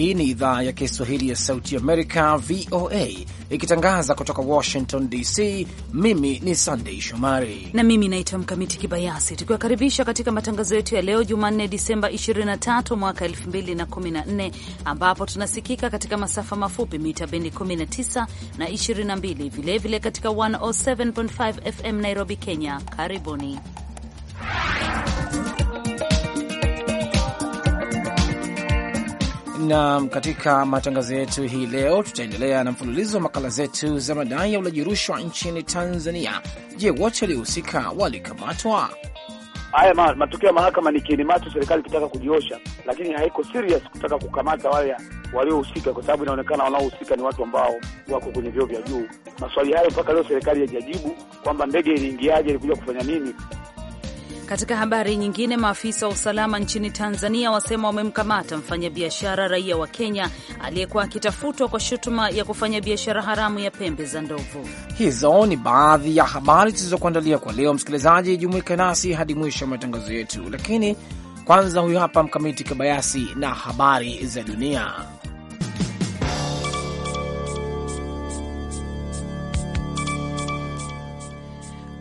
Hii ni idhaa ya Kiswahili ya Sauti Amerika, VOA, ikitangaza kutoka Washington DC. Mimi ni Sandei Shomari na mimi naitwa Mkamiti Kibayasi, tukiwakaribisha katika matangazo yetu ya leo Jumanne, Disemba 23 mwaka 2014, ambapo tunasikika katika masafa mafupi mita bendi 19 na 22, vilevile vile katika 107.5 FM Nairobi, Kenya. Karibuni. na katika matangazo yetu hii leo tutaendelea na mfululizo wa makala zetu za madai ya ulaji rushwa nchini Tanzania. Je, wote waliohusika walikamatwa? Haya matokeo ya mahakama ni kiinimacho, serikali ikitaka kujiosha, lakini haiko serious kutaka kukamata wale waliohusika, kwa sababu inaonekana wanaohusika ni watu ambao wako kwenye vyeo vya juu. Maswali hayo mpaka leo serikali haijajibu kwamba ndege iliingiaje, ilikuja kufanya nini. Katika habari nyingine, maafisa wa usalama nchini Tanzania wasema wamemkamata mfanyabiashara raia wa Kenya aliyekuwa akitafutwa kwa shutuma ya kufanya biashara haramu ya pembe za ndovu. Hizo ni baadhi ya habari zilizokuandalia kwa leo. Msikilizaji, jumuika nasi hadi mwisho wa matangazo yetu, lakini kwanza, huyu hapa Mkamiti Kibayasi na habari za dunia.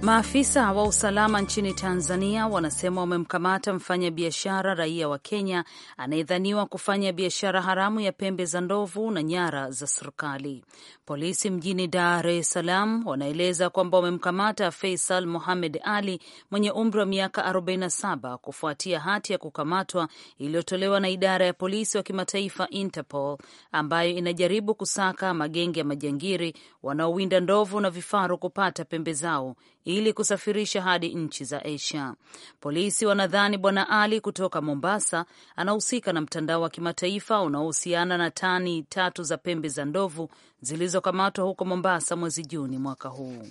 Maafisa wa usalama nchini Tanzania wanasema wamemkamata mfanyabiashara raia wa Kenya anayedhaniwa kufanya biashara haramu ya pembe za ndovu na nyara za serikali. Polisi mjini Dar es Salaam wanaeleza kwamba wamemkamata Faisal Mohamed Ali mwenye umri wa miaka 47 kufuatia hati ya kukamatwa iliyotolewa na idara ya polisi wa kimataifa Interpol, ambayo inajaribu kusaka magenge ya majangiri wanaowinda ndovu na vifaru kupata pembe zao ili kusafirisha hadi nchi za Asia. Polisi wanadhani Bwana Ali kutoka Mombasa anahusika na mtandao wa kimataifa unaohusiana na tani tatu za pembe za ndovu zilizokamatwa huko Mombasa mwezi Juni mwaka huu.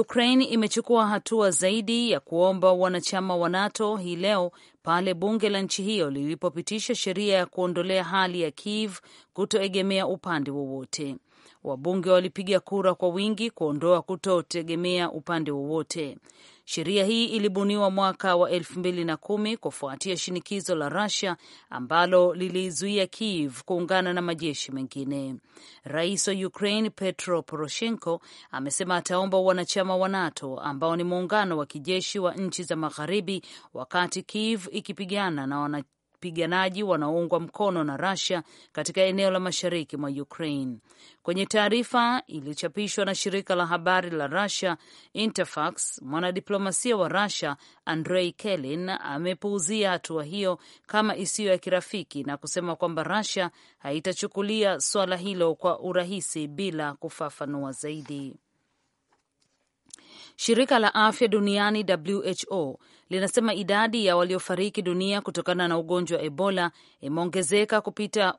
Ukraine imechukua hatua zaidi ya kuomba wanachama wa NATO hii leo pale bunge la nchi hiyo lilipopitisha sheria ya kuondolea hali ya Kiev kutoegemea upande wowote. Wabunge walipiga kura kwa wingi kuondoa kutotegemea upande wowote. Sheria hii ilibuniwa mwaka wa elfu mbili na kumi kufuatia shinikizo la Russia ambalo lilizuia Kiev kuungana na majeshi mengine. Rais wa Ukraine Petro Poroshenko amesema ataomba wanachama wa NATO ambao ni muungano wa kijeshi wa nchi za magharibi, wakati Kiev ikipigana na wapiganaji wanaoungwa mkono na Russia katika eneo la mashariki mwa Ukraine. Kwenye taarifa iliyochapishwa na shirika la habari la Russia Interfax, mwanadiplomasia wa Russia Andrei Kelin amepuuzia hatua hiyo kama isiyo ya kirafiki na kusema kwamba Russia haitachukulia suala hilo kwa urahisi bila kufafanua zaidi. Shirika la afya duniani WHO linasema idadi ya waliofariki dunia kutokana na ugonjwa wa Ebola imeongezeka kupita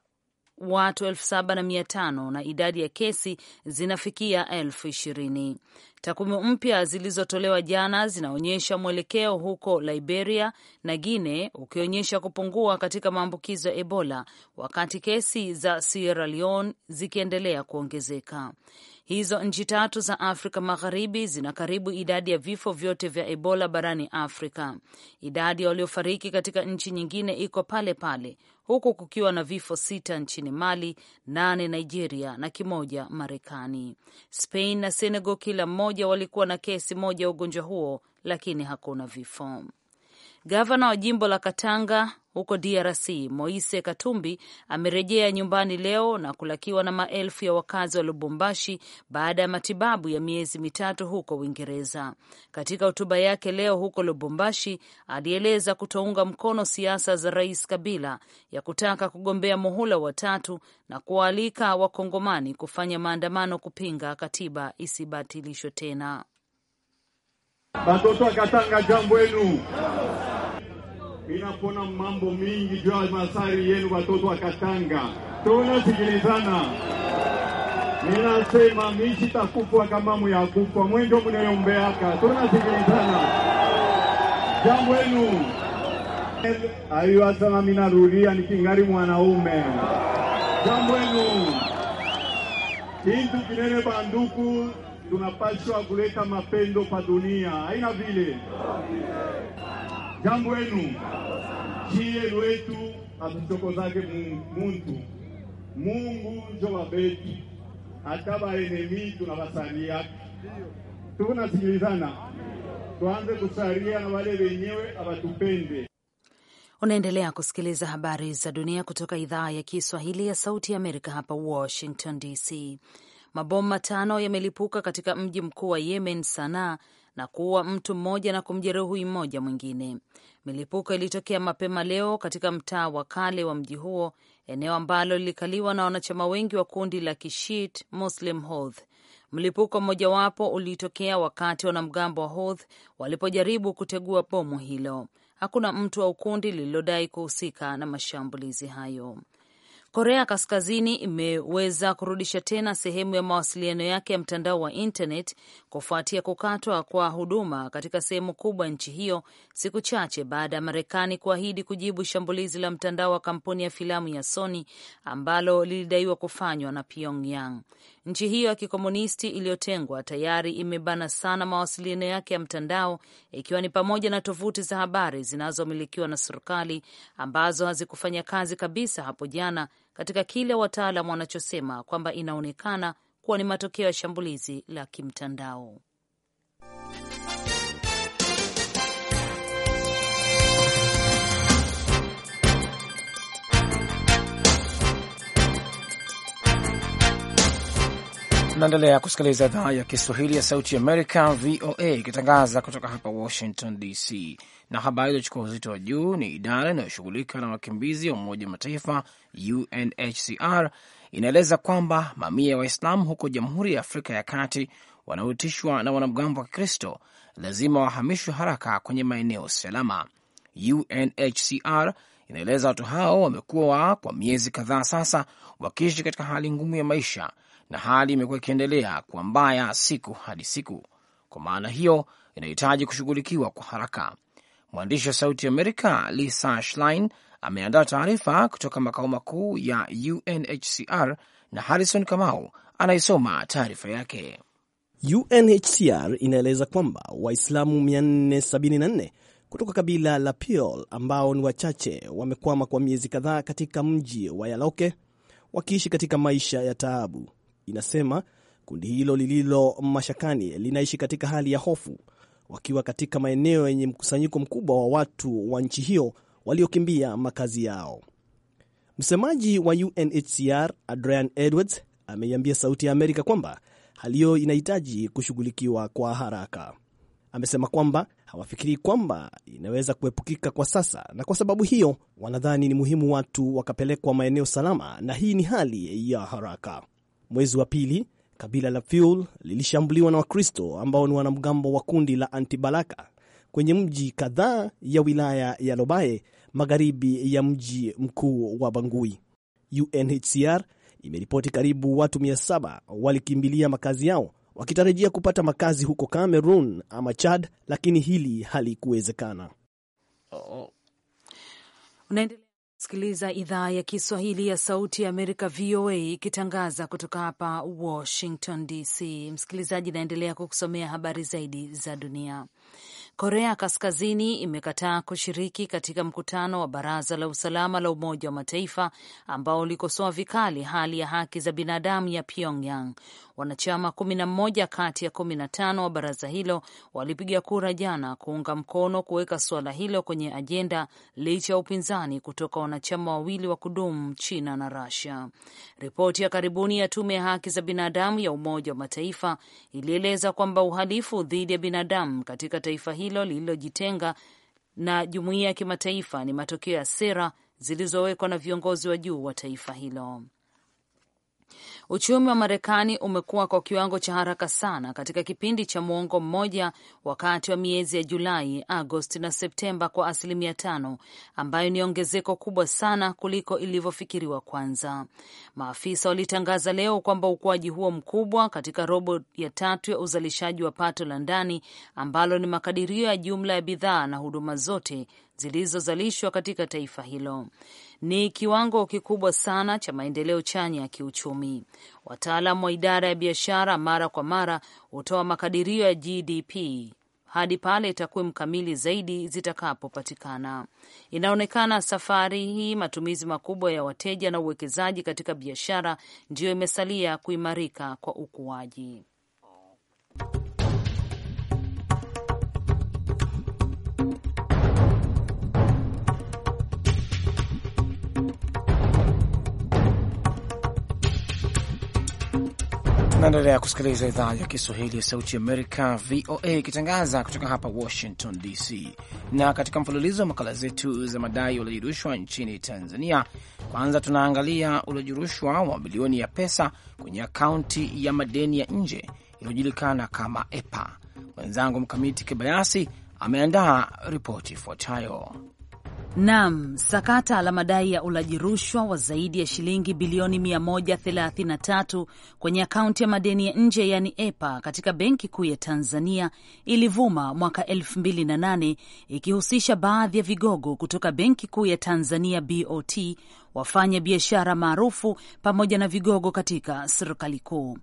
watu elfu saba na mia tano na idadi ya kesi zinafikia elfu ishirini. Takwimu mpya zilizotolewa jana zinaonyesha mwelekeo huko Liberia na guine ukionyesha kupungua katika maambukizo ya Ebola, wakati kesi za Sierra Leone zikiendelea kuongezeka. Hizo nchi tatu za Afrika Magharibi zina karibu idadi ya vifo vyote vya Ebola barani Afrika. Idadi ya waliofariki katika nchi nyingine iko pale pale, huku kukiwa na vifo sita nchini Mali, nane Nigeria na kimoja Marekani. Spain na Senegal kila mmoja walikuwa na kesi moja ya ugonjwa huo, lakini hakuna vifo. Gavana wa jimbo la Katanga huko DRC Moise Katumbi amerejea nyumbani leo na kulakiwa na maelfu ya wakazi wa Lubumbashi baada ya matibabu ya miezi mitatu huko Uingereza. Katika hotuba yake leo huko Lubumbashi, alieleza kutounga mkono siasa za Rais Kabila ya kutaka kugombea muhula watatu na kuwaalika Wakongomani kufanya maandamano kupinga katiba isibatilishwe tena. Batoto wa Katanga, jambo enu inapona mambo mingi juu ya masari yenu, watoto wa Katanga, tunasikilizana. Ninasema mishi takufa kama muyakufa mwenjo munayombeyaka, tunasikilizana. Jambo yenu aiwasama, minarulia nikingari mwanaume. Jambo yenu kintu kinene, banduku, tunapashwa kuleta mapendo pa dunia, aina vile Jambo wenu chiye lwetu atuchokozake muntu Mungu njo wabetu hata baenemi tunabasaliaka, tunasikilizana tuanze kusalia na wale wenyewe abatupende. Unaendelea kusikiliza habari za dunia kutoka idhaa ya Kiswahili ya Sauti ya Amerika hapa Washington DC. Mabomu matano yamelipuka katika mji mkuu wa Yemen, Sanaa, na kuua mtu mmoja na kumjeruhi mmoja mwingine. Milipuko ilitokea mapema leo katika mtaa wa kale wa mji huo, eneo ambalo lilikaliwa na wanachama wengi wa kundi la Kishit Muslim Houthi. Mlipuko mmojawapo ulitokea wakati wanamgambo wa Houthi walipojaribu kutegua bomu hilo. Hakuna mtu wa ukundi lililodai kuhusika na mashambulizi hayo. Korea Kaskazini imeweza kurudisha tena sehemu ya mawasiliano yake ya mtandao wa internet kufuatia kukatwa kwa huduma katika sehemu kubwa ya nchi hiyo siku chache baada ya Marekani kuahidi kujibu shambulizi la mtandao wa kampuni ya filamu ya Sony ambalo lilidaiwa kufanywa na Pyongyang. Nchi hiyo ya kikomunisti iliyotengwa tayari imebana sana mawasiliano yake ya mtandao, ikiwa ni pamoja na tovuti za habari zinazomilikiwa na serikali ambazo hazikufanya kazi kabisa hapo jana, katika kile wataalam wanachosema kwamba inaonekana kuwa ni matokeo ya shambulizi la kimtandao. Tunaendelea kusikiliza idhaa ya Kiswahili ya Sauti Amerika, VOA, ikitangaza kutoka hapa Washington DC. Na habari iliyochukua uzito wa juu ni idara inayoshughulika na wakimbizi wa Umoja wa Mataifa, UNHCR, inaeleza kwamba mamia ya Waislamu huko Jamhuri ya Afrika ya Kati wanaotishwa na wanamgambo wa Kikristo lazima wahamishwe haraka kwenye maeneo salama. UNHCR inaeleza watu hao wamekuwa kwa miezi kadhaa sasa wakiishi katika hali ngumu ya maisha na hali imekuwa ikiendelea kuwa mbaya siku hadi siku. Kwa maana hiyo inahitaji kushughulikiwa kwa haraka. Mwandishi wa Sauti Amerika Lisa Schlein ameandaa taarifa kutoka makao makuu ya UNHCR na Harrison Kamau anaisoma taarifa yake. UNHCR inaeleza kwamba Waislamu 474 kutoka kabila la Peul ambao ni wachache wamekwama kwa miezi kadhaa katika mji wa Yaloke wakiishi katika maisha ya taabu inasema kundi hilo lililo mashakani linaishi katika hali ya hofu, wakiwa katika maeneo yenye mkusanyiko mkubwa wa watu wa nchi hiyo waliokimbia makazi yao. Msemaji wa UNHCR Adrian Edwards ameiambia Sauti ya Amerika kwamba hali hiyo inahitaji kushughulikiwa kwa haraka. Amesema kwamba hawafikirii kwamba inaweza kuepukika kwa sasa, na kwa sababu hiyo wanadhani ni muhimu watu wakapelekwa maeneo salama, na hii ni hali ya haraka. Mwezi wa pili kabila la Fuel lilishambuliwa na Wakristo ambao ni wanamgambo wa kundi la Antibalaka kwenye mji kadhaa ya wilaya ya Lobae magharibi ya mji mkuu wa Bangui. UNHCR imeripoti karibu watu 700 walikimbilia makazi yao wakitarajia kupata makazi huko Cameroon ama Chad, lakini hili halikuwezekana. Oh. Sikiliza idhaa ya Kiswahili ya Sauti ya Amerika, VOA, ikitangaza kutoka hapa Washington DC. Msikilizaji, naendelea kukusomea habari zaidi za dunia. Korea Kaskazini imekataa kushiriki katika mkutano wa Baraza la Usalama la Umoja wa Mataifa ambao ulikosoa vikali hali ya haki za binadamu ya Pyongyang, Wanachama kumi na mmoja kati ya kumi na tano wa baraza hilo walipiga kura jana kuunga mkono kuweka suala hilo kwenye ajenda licha ya upinzani kutoka wanachama wawili wa kudumu, China na rasia Ripoti ya karibuni ya tume ya haki za binadamu ya Umoja wa Mataifa ilieleza kwamba uhalifu dhidi ya binadamu katika taifa hilo lililojitenga na jumuiya ya kimataifa ni matokeo ya sera zilizowekwa na viongozi wa juu wa taifa hilo. Uchumi wa Marekani umekuwa kwa kiwango cha haraka sana katika kipindi cha mwongo mmoja wakati wa miezi ya Julai, Agosti na Septemba kwa asilimia tano, ambayo ni ongezeko kubwa sana kuliko ilivyofikiriwa kwanza. Maafisa walitangaza leo kwamba ukuaji huo mkubwa katika robo ya tatu ya uzalishaji wa pato la ndani ambalo ni makadirio ya jumla ya bidhaa na huduma zote zilizozalishwa katika taifa hilo ni kiwango kikubwa sana cha maendeleo chanya ya kiuchumi. Wataalam wa idara ya biashara mara kwa mara hutoa makadirio ya GDP hadi pale takwimu kamili zaidi zitakapopatikana. Inaonekana safari hii matumizi makubwa ya wateja na uwekezaji katika biashara ndiyo imesalia kuimarika kwa ukuaji. Tunaendelea kusikiliza idhaa ya Kiswahili ya Sauti Amerika, VOA, ikitangaza kutoka hapa Washington DC. Na katika mfululizo wa makala zetu za madai uliojirushwa nchini Tanzania, kwanza tunaangalia uliojirushwa wa mabilioni ya pesa kwenye akaunti ya madeni ya nje inayojulikana kama EPA. Mwenzangu Mkamiti Kibayasi ameandaa ripoti ifuatayo. Naam, sakata la madai ya ulaji rushwa wa zaidi ya shilingi bilioni 133 kwenye akaunti ya madeni ya nje yani EPA katika Benki Kuu ya Tanzania ilivuma mwaka 2008 ikihusisha baadhi ya vigogo kutoka Benki Kuu ya Tanzania BOT, wafanya biashara maarufu pamoja na vigogo katika serikali kuu.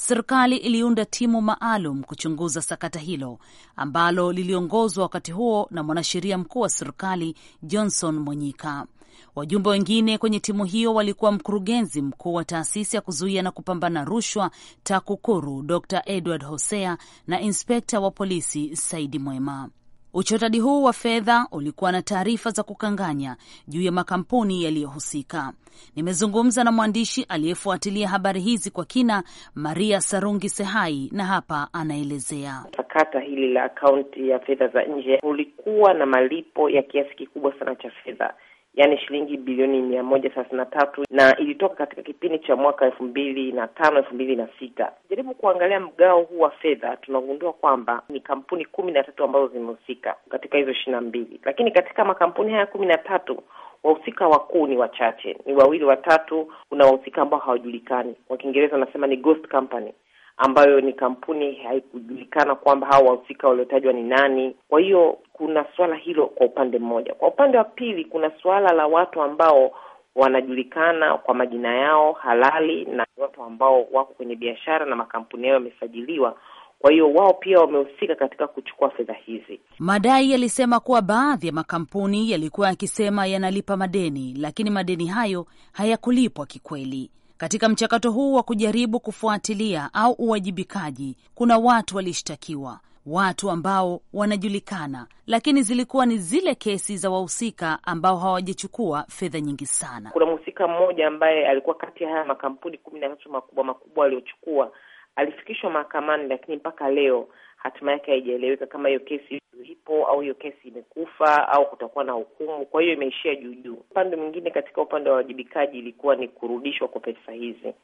Serikali iliunda timu maalum kuchunguza sakata hilo ambalo liliongozwa wakati huo na mwanasheria mkuu wa serikali Johnson mwenyika Wajumbe wengine kwenye timu hiyo walikuwa mkurugenzi mkuu wa taasisi ya kuzuia na kupambana rushwa TAKUKURU Dr Edward Hosea na inspekta wa polisi Saidi Mwema. Uchotaji huu wa fedha ulikuwa na taarifa za kukanganya juu ya makampuni yaliyohusika. Nimezungumza na mwandishi aliyefuatilia habari hizi kwa kina, Maria Sarungi Sehai, na hapa anaelezea. Sakata hili la akaunti ya fedha za nje ulikuwa na malipo ya kiasi kikubwa sana cha fedha yaani shilingi bilioni mia moja thelathini na tatu na ilitoka katika kipindi cha mwaka elfu mbili na tano elfu mbili na sita Jaribu kuangalia mgao huu wa fedha, tunagundua kwamba ni kampuni kumi na tatu ambazo zimehusika katika hizo ishirini na mbili, lakini katika makampuni haya kumi na tatu wahusika wakuu ni wachache, ni wawili watatu. Kuna wahusika ambao hawajulikani, kwa Kiingereza wanasema ni ghost company ambayo ni kampuni haikujulikana kwamba hao wahusika waliotajwa ni nani. Kwa hiyo kuna suala hilo kwa upande mmoja. Kwa upande wa pili, kuna suala la watu ambao wanajulikana kwa majina yao halali na watu ambao wako kwenye biashara na makampuni yao yamesajiliwa. Kwa hiyo wao pia wamehusika katika kuchukua fedha hizi. Madai yalisema kuwa baadhi ya makampuni yalikuwa yakisema yanalipa madeni, lakini madeni hayo hayakulipwa kikweli. Katika mchakato huu wa kujaribu kufuatilia au uwajibikaji, kuna watu walishtakiwa, watu ambao wanajulikana, lakini zilikuwa ni zile kesi za wahusika ambao hawajachukua fedha nyingi sana. Kuna mhusika mmoja ambaye alikuwa kati ya haya makampuni kumi na tatu makubwa makubwa aliyochukua, alifikishwa mahakamani, lakini mpaka leo hatima yake haijaeleweka, kama hiyo kesi ipo au hiyo kesi imekufa au kutakuwa na hukumu. Kwa hiyo imeishia juu juu. Upande mwingine, katika upande wa wajibikaji, ilikuwa ni kurudishwa kwa pesa hizi.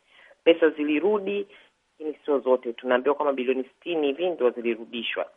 Pesa zilirudi, lakini sio zote. Tunaambiwa kwamba bilioni sitini hivi ndo zilirudishwa,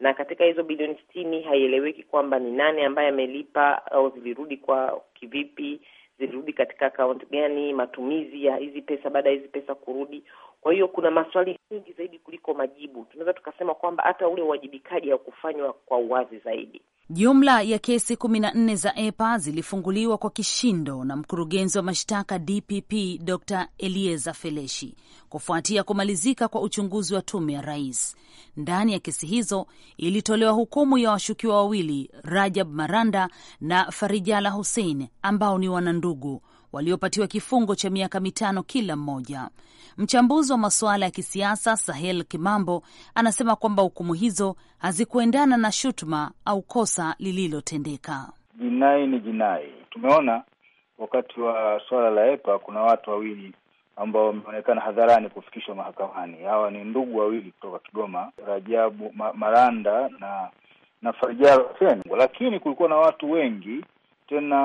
na katika hizo bilioni sitini haieleweki kwamba ni nani ambaye amelipa au zilirudi kwa kivipi zilirudi katika akaunti gani, matumizi ya hizi pesa baada ya hizi pesa kurudi. Kwa hiyo kuna maswali mengi zaidi kuliko majibu. Tunaweza tukasema kwamba hata ule uwajibikaji haukufanywa kwa uwazi zaidi. Jumla ya kesi 14 za EPA zilifunguliwa kwa kishindo na mkurugenzi wa mashtaka DPP Dr Elieza Feleshi kufuatia kumalizika kwa uchunguzi wa tume ya rais. Ndani ya kesi hizo ilitolewa hukumu ya washukiwa wawili Rajab Maranda na Farijala Hussein ambao ni wanandugu waliopatiwa kifungo cha miaka mitano kila mmoja. Mchambuzi wa masuala ya kisiasa Sahel Kimambo anasema kwamba hukumu hizo hazikuendana na shutuma au kosa lililotendeka. Jinai ni jinai. Tumeona wakati wa suala la EPA kuna watu wawili ambao wameonekana hadharani kufikishwa mahakamani. Hawa ni ndugu wawili kutoka Kigoma, Rajabu Maranda na na Farijaro lakini kulikuwa na watu wengi tena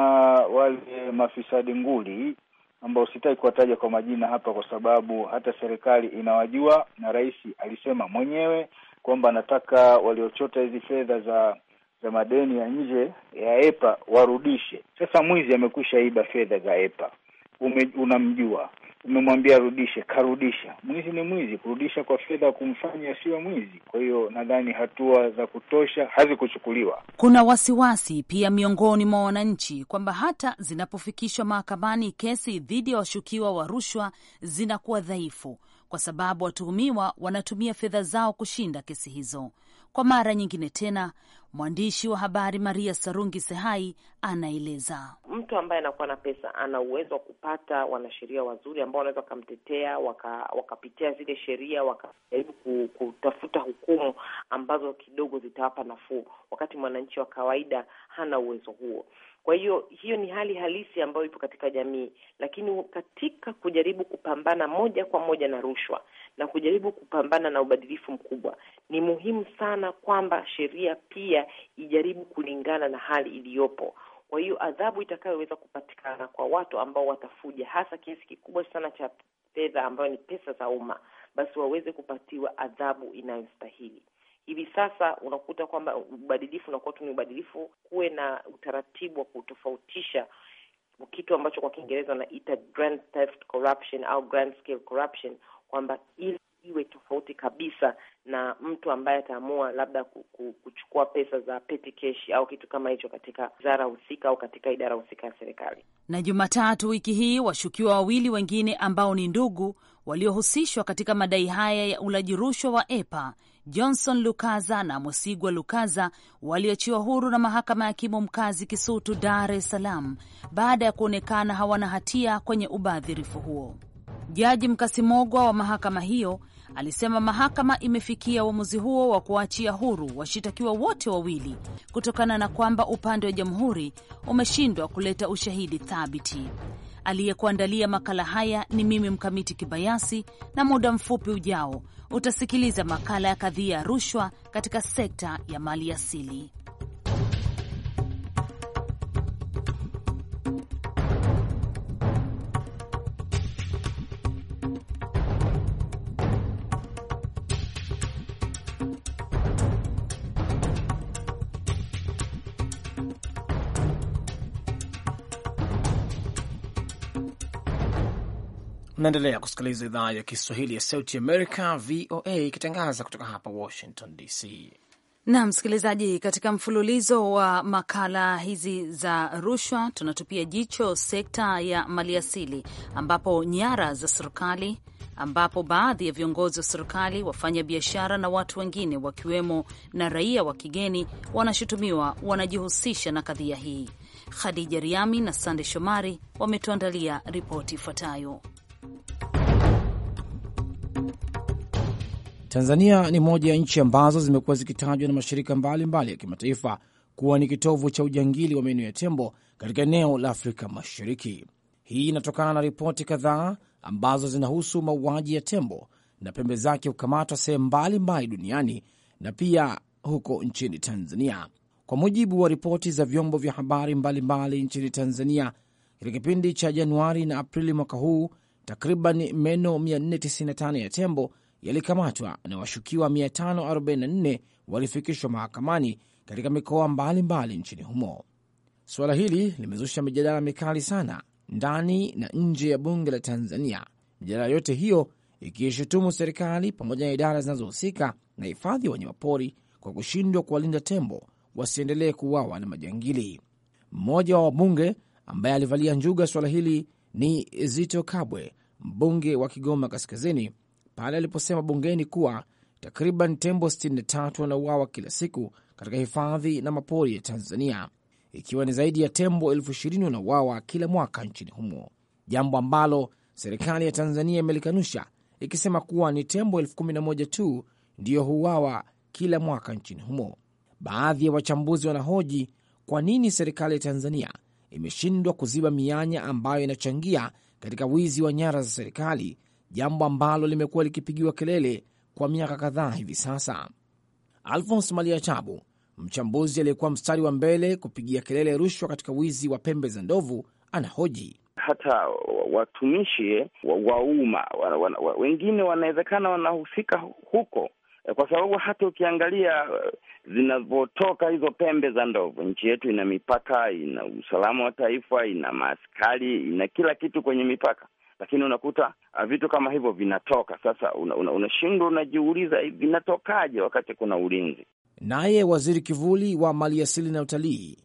wale mafisadi nguli ambao sitaki kuwataja kwa majina hapa, kwa sababu hata serikali inawajua na rais alisema mwenyewe kwamba anataka waliochota hizi fedha za za madeni ya nje ya EPA warudishe. Sasa mwizi amekwisha iba fedha za EPA, ume, unamjua umemwambia arudishe, karudisha. Mwizi ni mwizi, kurudisha kwa fedha kumfanya asiwe mwizi. Kwa hiyo nadhani hatua za kutosha hazikuchukuliwa. Kuna wasiwasi pia miongoni mwa wananchi kwamba hata zinapofikishwa mahakamani kesi dhidi ya washukiwa wa rushwa zinakuwa dhaifu, kwa sababu watuhumiwa wanatumia fedha zao kushinda kesi hizo. Kwa mara nyingine tena, mwandishi wa habari Maria Sarungi Sehai anaeleza. Mtu ambaye anakuwa na pesa ana uwezo wa kupata wanasheria wazuri ambao wanaweza wakamtetea, wakapitia waka zile sheria, wakajaribu kutafuta hukumu ambazo kidogo zitawapa nafuu, wakati mwananchi wa kawaida hana uwezo huo. Kwa hiyo hiyo ni hali halisi ambayo ipo katika jamii, lakini katika kujaribu kupambana moja kwa moja na rushwa na kujaribu kupambana na ubadhirifu mkubwa, ni muhimu sana kwamba sheria pia ijaribu kulingana na hali iliyopo. Kwa hiyo adhabu itakayoweza kupatikana kwa watu ambao watafuja hasa kiasi kikubwa sana cha fedha ambayo ni pesa za umma, basi waweze kupatiwa adhabu inayostahili hivi sasa unakuta kwamba ubadilifu unakuwa tu ni ubadilifu, kuwe na utaratibu wa kutofautisha kitu ambacho kwa Kiingereza wanaita grand theft corruption au grand scale corruption, kwamba ili iwe tofauti kabisa na mtu ambaye ataamua labda kuchukua pesa za petty cash au kitu kama hicho katika wizara husika au katika idara husika ya serikali. Na Jumatatu wiki hii washukiwa wawili wengine ambao ni ndugu waliohusishwa katika madai haya ya ulaji rushwa wa EPA Johnson Lukaza na Mwesigwa Lukaza waliachiwa huru na mahakama ya kimo mkazi Kisutu, Dar es Salaam, baada ya kuonekana hawana hatia kwenye ubadhirifu huo. Jaji Mkasimogwa wa mahakama hiyo alisema mahakama imefikia uamuzi huo wa kuwaachia huru washitakiwa wote wawili kutokana na kwamba upande wa jamhuri umeshindwa kuleta ushahidi thabiti. Aliyekuandalia makala haya ni mimi Mkamiti Kibayasi, na muda mfupi ujao utasikiliza makala ya kadhia ya rushwa katika sekta ya mali asili. Naendelea kusikiliza idhaa ya Kiswahili ya Sauti Amerika, VOA, ikitangaza kutoka hapa Washington DC. Na msikilizaji, katika mfululizo wa makala hizi za rushwa, tunatupia jicho sekta ya maliasili, ambapo nyara za serikali, ambapo baadhi ya viongozi wa serikali, wafanya biashara na watu wengine, wakiwemo na raia wa kigeni, wanashutumiwa wanajihusisha na kadhia hii. Khadija Riami na Sande Shomari wametuandalia ripoti ifuatayo. Tanzania ni moja ya nchi ambazo zimekuwa zikitajwa na mashirika mbalimbali mbali ya kimataifa kuwa ni kitovu cha ujangili wa meno ya tembo katika eneo la Afrika Mashariki. Hii inatokana na ripoti kadhaa ambazo zinahusu mauaji ya tembo na pembe zake hukamatwa sehemu mbalimbali duniani na pia huko nchini Tanzania. Kwa mujibu wa ripoti za vyombo vya habari mbalimbali mbali nchini Tanzania, katika kipindi cha Januari na Aprili mwaka huu takriban meno 495 ya tembo yalikamatwa na washukiwa 544 walifikishwa mahakamani katika mikoa mbalimbali nchini humo. Suala hili limezusha mijadala mikali sana ndani na nje ya bunge la Tanzania, mijadala yote hiyo ikiishutumu serikali pamoja na idara zinazohusika na hifadhi ya wanyamapori kwa kushindwa kuwalinda tembo wasiendelee kuwawa na majangili. Mmoja wa wabunge ambaye alivalia njuga suala hili ni Zito Kabwe, mbunge wa Kigoma Kaskazini, pale aliposema bungeni kuwa takriban tembo 63 wanauawa kila siku katika hifadhi na mapori ya Tanzania, ikiwa ni zaidi ya tembo elfu ishirini wanauawa kila mwaka nchini humo, jambo ambalo serikali ya Tanzania imelikanusha ikisema kuwa ni tembo elfu kumi na moja tu ndiyo huuawa kila mwaka nchini humo. Baadhi ya wachambuzi wanahoji kwa nini serikali ya Tanzania imeshindwa kuziba mianya ambayo inachangia katika wizi wa nyara za serikali, jambo ambalo limekuwa likipigiwa kelele kwa miaka kadhaa hivi sasa. Alfons Malia Chabu, mchambuzi aliyekuwa mstari wa mbele kupigia kelele rushwa katika wizi wa pembe za ndovu, anahoji hata watumishi wa umma wengine wanawezekana wanahusika huko, Eh, kwa sababu hata ukiangalia eh, zinavyotoka hizo pembe za ndovu, nchi yetu ina mipaka, ina usalama wa taifa, ina maaskari, ina kila kitu kwenye mipaka, lakini unakuta ah, vitu kama hivyo vinatoka. Sasa unashindwa, una, unajiuliza eh, vinatokaje wakati kuna ulinzi. Naye waziri kivuli wa maliasili na utalii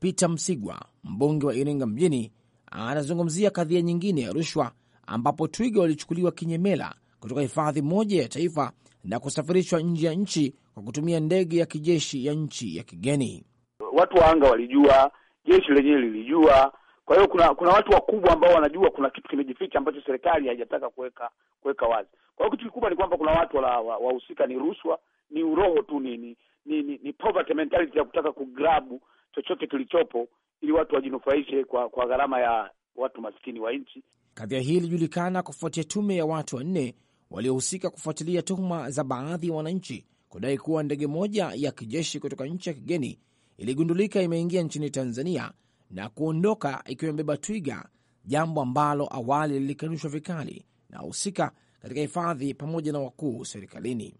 Peter Msigwa, mbunge wa Iringa mjini, anazungumzia kadhia nyingine ya rushwa ambapo twiga walichukuliwa kinyemela kutoka hifadhi moja ya taifa na kusafirishwa nje ya nchi kwa kutumia ndege ya kijeshi ya nchi ya kigeni. Watu wa anga walijua, jeshi lenyewe lilijua. Kwa hiyo kuna kuna watu wakubwa ambao wanajua kuna kitu kimejificha ambacho serikali haijataka kuweka kuweka wazi. Kwa hiyo kitu kikubwa ni kwamba kuna watu wahusika wa, wa ni rushwa, ni uroho tu, ni ni, ni, ni, ni poverty mentality ya kutaka kugrabu chochote kilichopo ili watu wajinufaishe kwa, kwa gharama ya watu maskini wa nchi. Kadhia hii ilijulikana kufuatia tume ya watu wanne waliohusika kufuatilia tuhuma za baadhi ya wananchi kudai kuwa ndege moja ya kijeshi kutoka nchi ya kigeni iligundulika imeingia nchini Tanzania na kuondoka ikiwa imebeba twiga, jambo ambalo awali lilikanushwa vikali na wahusika katika hifadhi pamoja na wakuu serikalini.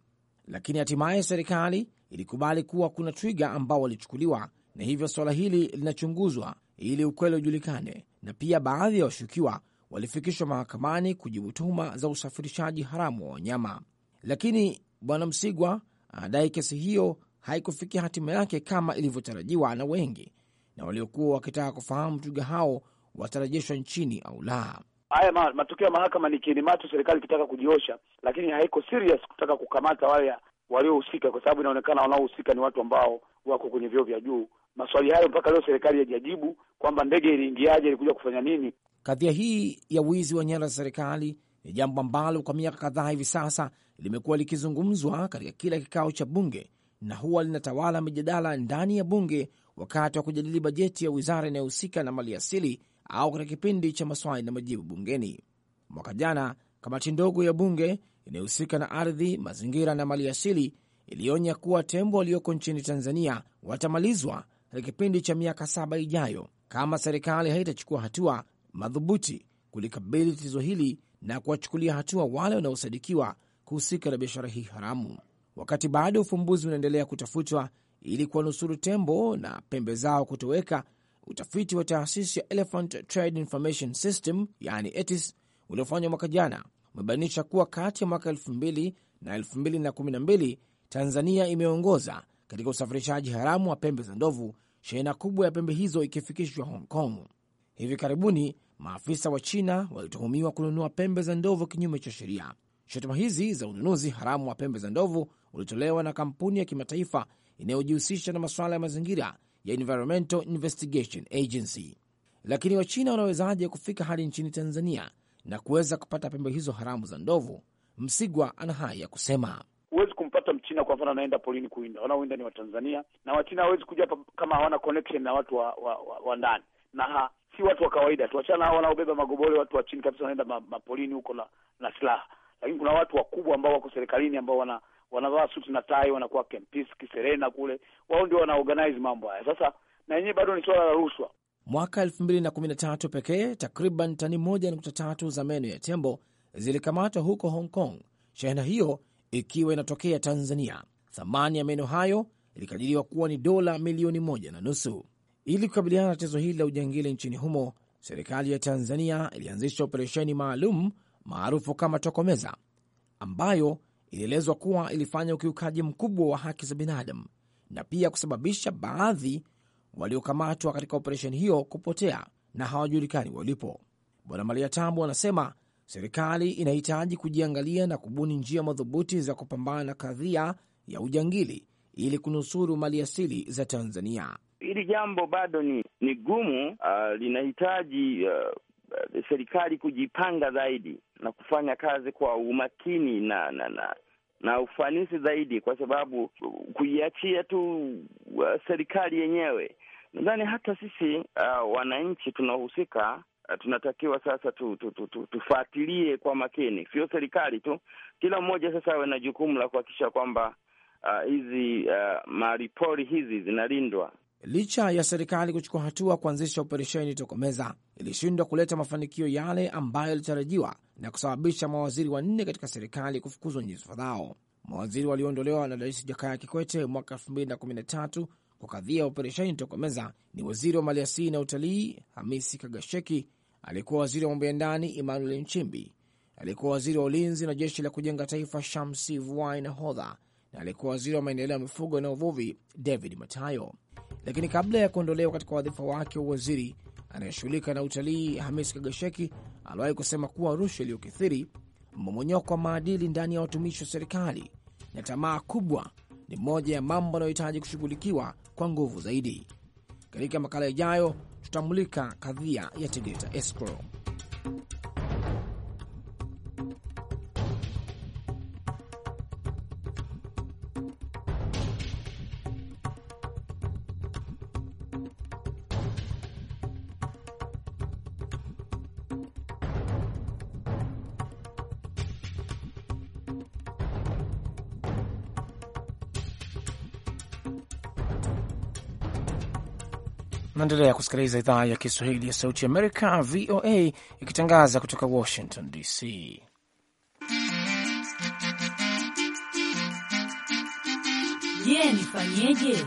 Lakini hatimaye serikali ilikubali kuwa kuna twiga ambao walichukuliwa, na hivyo suala hili linachunguzwa ili ukweli ujulikane, na pia baadhi ya washukiwa walifikishwa mahakamani kujibu tuhuma za usafirishaji haramu wa wanyama, lakini Bwana Msigwa anadai kesi hiyo haikufikia hatima yake kama ilivyotarajiwa na wengi, na waliokuwa wakitaka kufahamu twiga hao watarejeshwa nchini au la. Haya matokeo ya mahakama ni kiinimatu, serikali ikitaka kujiosha, lakini haiko serious kutaka kukamata wale waliohusika, kwa sababu inaonekana wanaohusika ni watu ambao wako kwenye vyeo vya juu. Maswali hayo mpaka leo serikali haijajibu kwamba ndege iliingiaje, ilikuja kufanya nini. Kadhia hii ya wizi wa nyara za serikali ni jambo ambalo kwa miaka kadhaa hivi sasa limekuwa likizungumzwa katika kila kikao cha bunge na huwa linatawala mijadala ndani ya bunge wakati wa kujadili bajeti ya wizara inayohusika na mali asili au katika kipindi cha maswali na majibu bungeni. Mwaka jana, kamati ndogo ya bunge inayohusika na ardhi, mazingira na mali asili ilionya kuwa tembo walioko nchini Tanzania watamalizwa katika kipindi cha miaka saba ijayo kama serikali haitachukua hatua madhubuti kulikabili tatizo hili na kuwachukulia hatua wale wanaosadikiwa kuhusika na biashara hii haramu, wakati bado ufumbuzi unaendelea kutafutwa ili kuwanusuru tembo na pembe zao kutoweka. Utafiti wa taasisi ya Elephant Trade Information System yani ETIS uliofanywa mwaka jana umebainisha kuwa kati ya mwaka elfu na elfu Tanzania imeongoza katika usafirishaji haramu wa pembe za ndovu, shehena kubwa ya pembe hizo ikifikishwa Hong Kong. Hivi karibuni maafisa wa China walituhumiwa kununua pembe za ndovu kinyume cha sheria. Shutuma hizi za ununuzi haramu wa pembe za ndovu ulitolewa na kampuni ya kimataifa inayojihusisha na masuala ya mazingira ya Environmental Investigation Agency. Lakini Wachina wanawezaje kufika hadi nchini Tanzania na kuweza kupata pembe hizo haramu za ndovu? Msigwa ana haya ya kusema. Huwezi kumpata Mchina kwa mfano anaenda polini kuwinda, wanaowinda ni Watanzania na Wachina hawezi kuja hapa kama hawana connection na watu wa, wa, wa, wa ndani na ha, si watu wa kawaida, tuachana hao wanaobeba magobole, watu wa chini kabisa wanaenda mapolini huko na, na silaha, lakini kuna watu wakubwa ambao wako serikalini ambao wana wanavaa suti na tai, wanakuwa Kempinski, kiserena kule, wao ndio wanaorganize mambo haya. Sasa na yenyewe bado ni suala la rushwa. Mwaka elfu mbili na kumi na tatu pekee takriban tani moja nukta tatu za meno ya tembo zilikamatwa huko Hong Kong, shehena hiyo ikiwa inatokea Tanzania. Thamani ya meno hayo ilikadiriwa kuwa ni dola milioni moja na nusu. Ili kukabiliana na tatizo hili la ujangili nchini humo, serikali ya Tanzania ilianzisha operesheni maalum maarufu kama Tokomeza, ambayo ilielezwa kuwa ilifanya ukiukaji mkubwa wa haki za binadamu na pia kusababisha baadhi waliokamatwa katika operesheni hiyo kupotea na hawajulikani walipo. Bwana Maria Tambo anasema serikali inahitaji kujiangalia na kubuni njia madhubuti za kupambana na kadhia ya ujangili ili kunusuru mali asili za Tanzania hili jambo bado ni ni gumu, uh, linahitaji uh, serikali kujipanga zaidi na kufanya kazi kwa umakini na na na na ufanisi zaidi, kwa sababu kuiachia tu uh, serikali yenyewe, nadhani hata sisi uh, wananchi tunahusika uh, tunatakiwa sasa tu, tu, tu, tu, tufuatilie kwa makini, sio serikali tu. Kila mmoja sasa awe na jukumu la kuhakikisha kwamba uh, hizi uh, uh, maripori hizi zinalindwa licha ya serikali kuchukua hatua kuanzisha operesheni Tokomeza, ilishindwa kuleta mafanikio yale ambayo yalitarajiwa na kusababisha mawaziri wanne katika serikali kufukuzwa nyadhifa zao. Mawaziri walioondolewa na Rais Jakaya Kikwete mwaka 2013 kwa kadhia ya operesheni Tokomeza ni waziri wa maliasili na utalii Hamisi Kagasheki, aliyekuwa waziri wa mambo ya ndani Emmanuel Nchimbi, aliyekuwa waziri wa ulinzi na jeshi la kujenga taifa Shamsi Vuai Nahodha, na aliyekuwa waziri wa maendeleo ya mifugo na uvuvi David Matayo. Lakini kabla ya kuondolewa katika wadhifa wake wa waziri anayeshughulika na utalii, Hamis Kagasheki aliwahi kusema kuwa rushwa iliyokithiri, mmomonyoko wa maadili ndani ya watumishi wa serikali na tamaa kubwa ni moja ya mambo yanayohitaji kushughulikiwa kwa nguvu zaidi. Katika makala ijayo tutamulika kadhia ya Tegeta Escrow. Naendelea kusikiliza idhaa ya Kiswahili ya Sauti Amerika, VOA, ikitangaza kutoka Washington DC. Je, nifanyeje?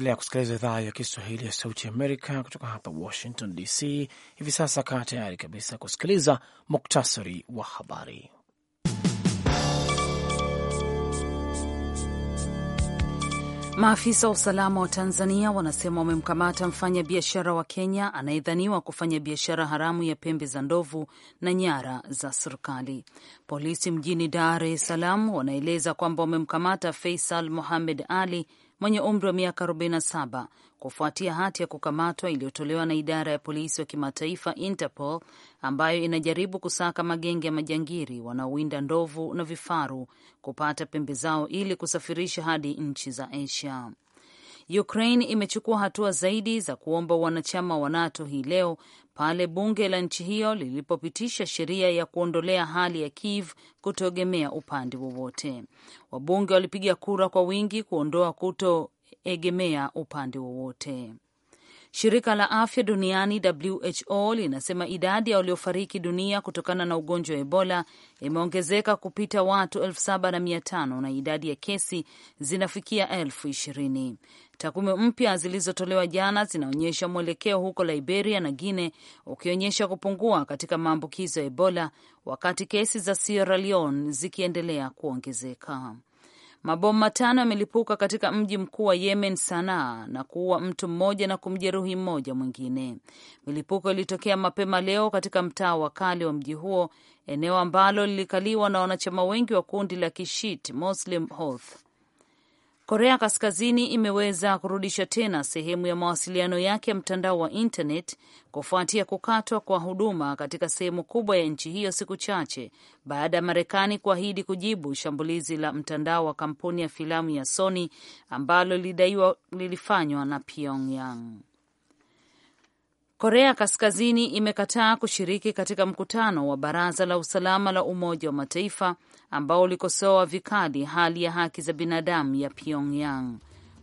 Unaendelea kusikiliza idhaa ya Kiswahili ya Sauti Amerika kutoka hapa Washington DC. Hivi sasa kaa tayari kabisa kusikiliza muktasari wa habari. Maafisa wa usalama wa Tanzania wanasema wamemkamata mfanya biashara wa Kenya anayedhaniwa kufanya biashara haramu ya pembe za ndovu na nyara za serikali. Polisi mjini Dar es Salaam wanaeleza kwamba wamemkamata Faisal Mohamed Ali mwenye umri wa miaka 47 kufuatia hati ya kukamatwa iliyotolewa na idara ya polisi wa kimataifa Interpol ambayo inajaribu kusaka magenge ya majangiri wanaowinda ndovu na vifaru kupata pembe zao ili kusafirisha hadi nchi za Asia. Ukraine imechukua hatua zaidi za kuomba wanachama wa NATO hii leo pale bunge la nchi hiyo lilipopitisha sheria ya kuondolea hali ya Kiev kutoegemea upande wowote. Wabunge walipiga kura kwa wingi kuondoa kutoegemea upande wowote. Shirika la afya duniani WHO linasema idadi ya waliofariki dunia kutokana na ugonjwa wa Ebola imeongezeka kupita watu 75 na na idadi ya kesi zinafikia elfu ishirini. Takwimu mpya zilizotolewa jana zinaonyesha mwelekeo huko Liberia na Guinea ukionyesha kupungua katika maambukizo ya Ebola, wakati kesi za Sierra Leone zikiendelea kuongezeka. Mabomu matano yamelipuka katika mji mkuu wa Yemen, Sanaa, na kuua mtu mmoja na kumjeruhi mmoja mwingine. Milipuko ilitokea mapema leo katika mtaa wa kale wa mji huo, eneo ambalo lilikaliwa na wanachama wengi wa kundi la Kishit Muslim Houthi. Korea Kaskazini imeweza kurudisha tena sehemu ya mawasiliano yake ya mtandao wa internet kufuatia kukatwa kwa huduma katika sehemu kubwa ya nchi hiyo siku chache baada ya Marekani kuahidi kujibu shambulizi la mtandao wa kampuni ya filamu ya Sony ambalo lilidaiwa lilifanywa na Pyongyang. Korea Kaskazini imekataa kushiriki katika mkutano wa Baraza la Usalama la Umoja wa Mataifa ambao ulikosoa vikali hali ya haki za binadamu ya Pyongyang.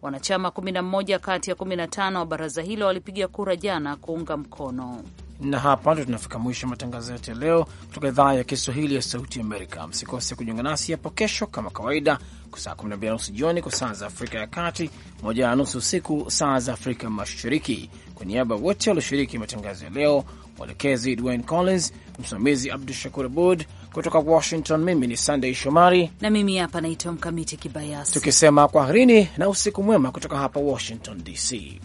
Wanachama 11 kati ya 15 wa baraza hilo walipiga kura jana kuunga mkono. Na hapa ndo tunafika mwisho matangazo yetu ya leo kutoka idhaa ya Kiswahili ya Sauti Amerika. Msikose kujiunga nasi hapo kesho kama kawaida saa 12 na nusu jioni kwa saa za Afrika ya Kati, moja na nusu usiku saa za Afrika Mashariki. Kwa niaba ya wote walioshiriki matangazo ya leo, mwelekezi Dwayne Collins, msimamizi Abdu Shakur Abud kutoka Washington, mimi ni sandey Shomari na mimi hapa naitwa Mkamiti Kibayasi, tukisema kwaherini na usiku mwema kutoka hapa Washington DC.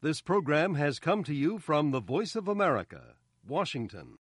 This program has come to you from the Voice of America, Washington.